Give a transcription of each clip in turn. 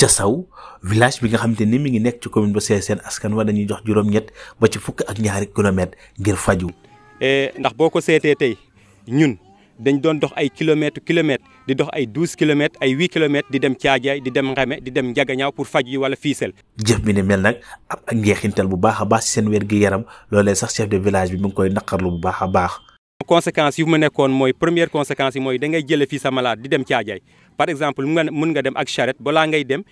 ca saw village bi nga xamante ni mi ngi nekk ci commune bu Sessène askan wa dañuy jox juróom-ñett ba ci fukk ak ñaari kilomètres ngir faju e, ndax boo ko seetee tey ñun dañ doon dox ay kilomètres kilomètres di dox ay douze kilomètres ay huit kilomètres di dem Caajaay di dem Ngame di dem Njagañaaw pour faj yi wala fiisel jëf bi ne mel nag ab ak njeexintal bu baax a baax seen wér gi yaram loolee sax chef de bi mu ngi koy naqarlu bu baax a baax conséquences yu ma nekkoon mooy première conséquence yi mooy da ngay jëlee fii sa malade dem Caajaay par exemple mun nga mun nga dem ak charrette balaa ngay dem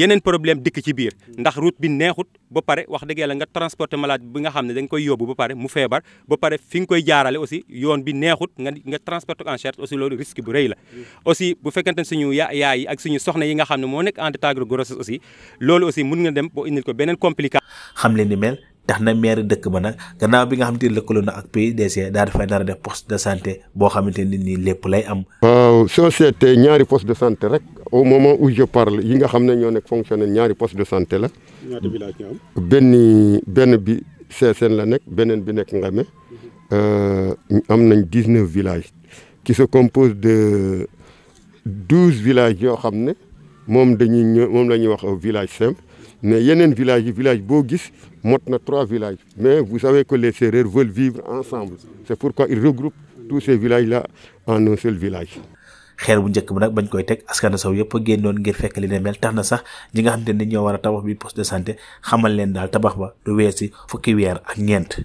yeneen problème dikk ci biir ndax route bi neexut ba pare wax dëgg yàlla nga transporter malade bi nga xam ne danga koy yóbbu ba pare mu feebar ba pare fi nga koy jaarale aussi yoon bi neexut nga nga transporter en charrette aussi loolu risque bu rëy la aussi bu fekkente ne suñu ya yaay yi ak suñu soxna yi nga xam ne moo nekk en état de grossesse aussi loolu aussi mun nga dem boo indil ko beneen complication xam leen ni mel tax na maire dëkk ba nag gannaaw bi nga xam xamante ni lëkkaloo na ak PUDC daal di fay nar a def poste de santé boo xamante ne nii lépp lay am. waaw soo seetee ñaari poste de santé rek au moment où je yi nga xam ne ñoo nekk fonctionné ñaari poste de santé la. ñaata benn benn bi Sessène la nekk beneen bi nekk Ngame euh, am nañ dix neuf village ci se compose de douze village yoo xam ne moom dañuy ñëw moom la ñuy wax village simple. mais yeneen village yi village boo gis mot na trois village mais vous savez que les Sérères veulent vivre ensemble c'est pourquoi ils regroupent tous ces villages là en un seul village xeer bu njëkk bi rek bañ koy teg askan saw yëpp a génnoon ngir fekk li ne mel tax na sax ñi nga xam te ne ñoo war a tabax bi poste de santé xamal leen daal tabax ba du weesi fukki weer ak ñeent